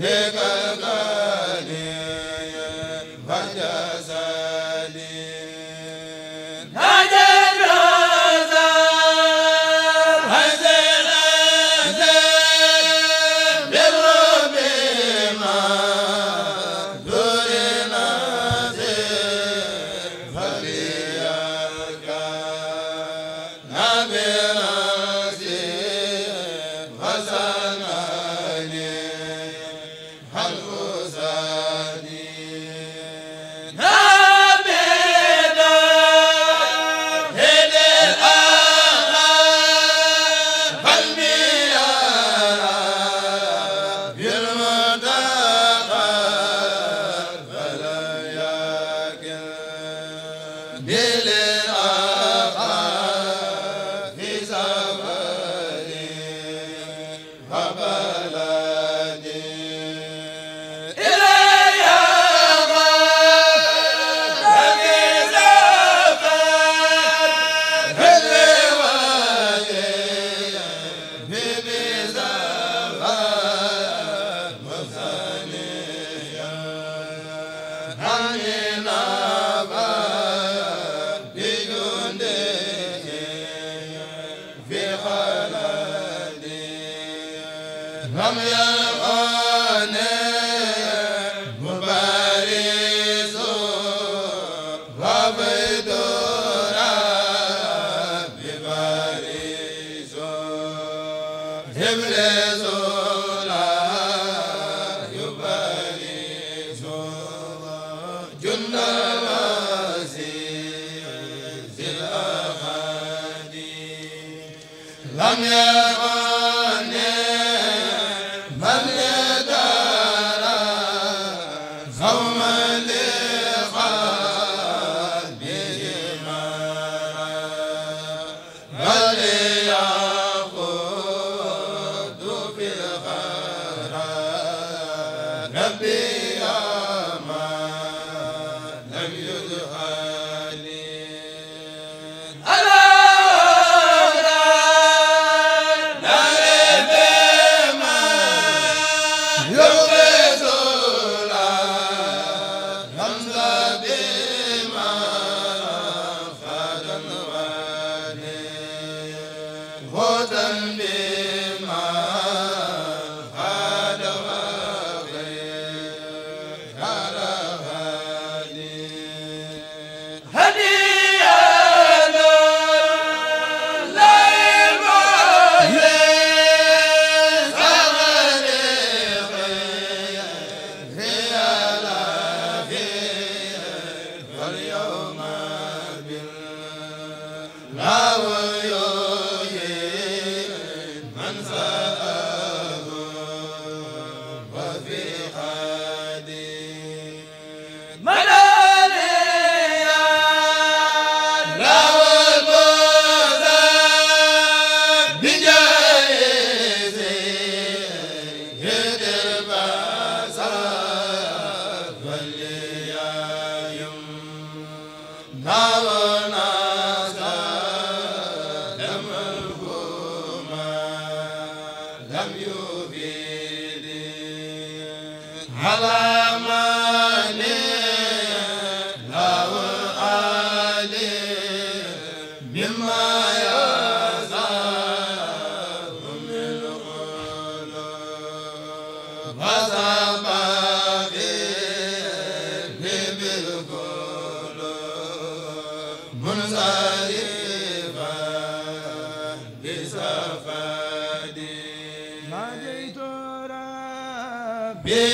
léegi lam ya هدى ala ma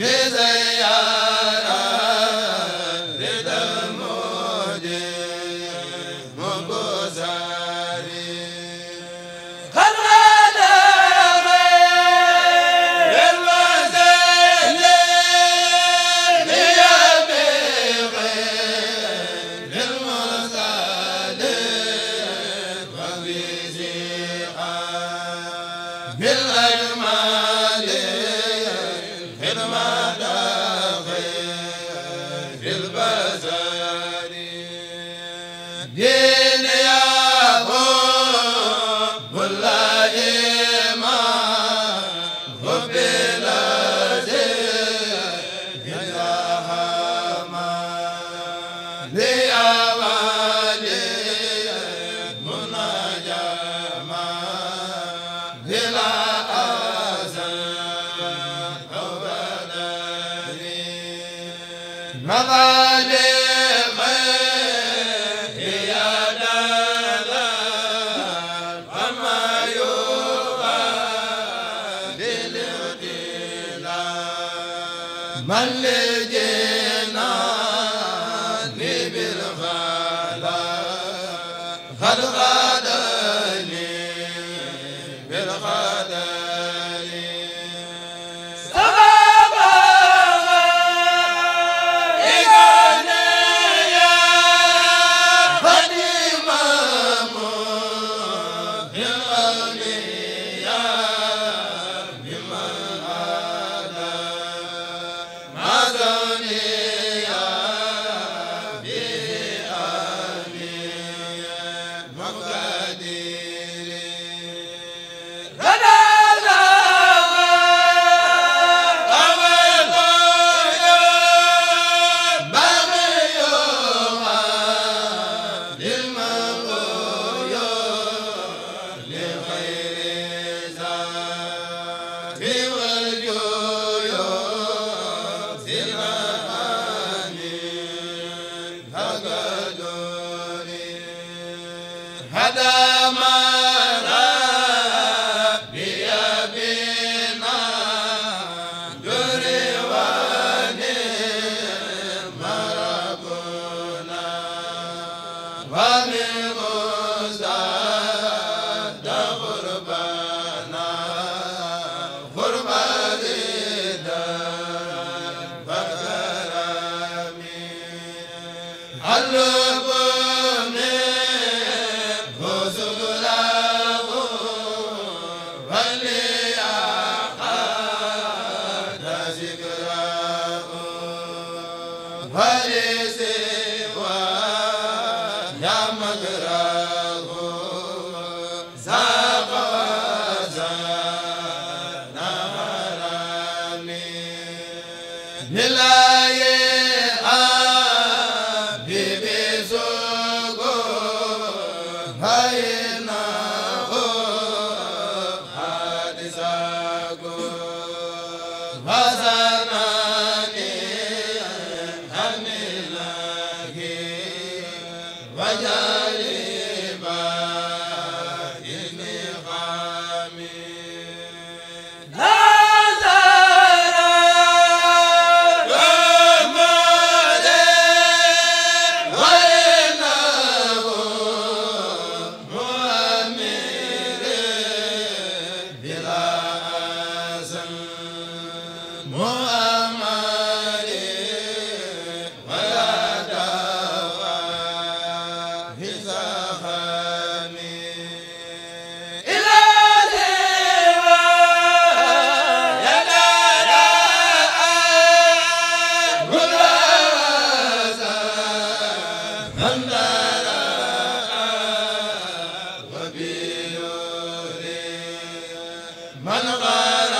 jërëjëf Allez wa min wa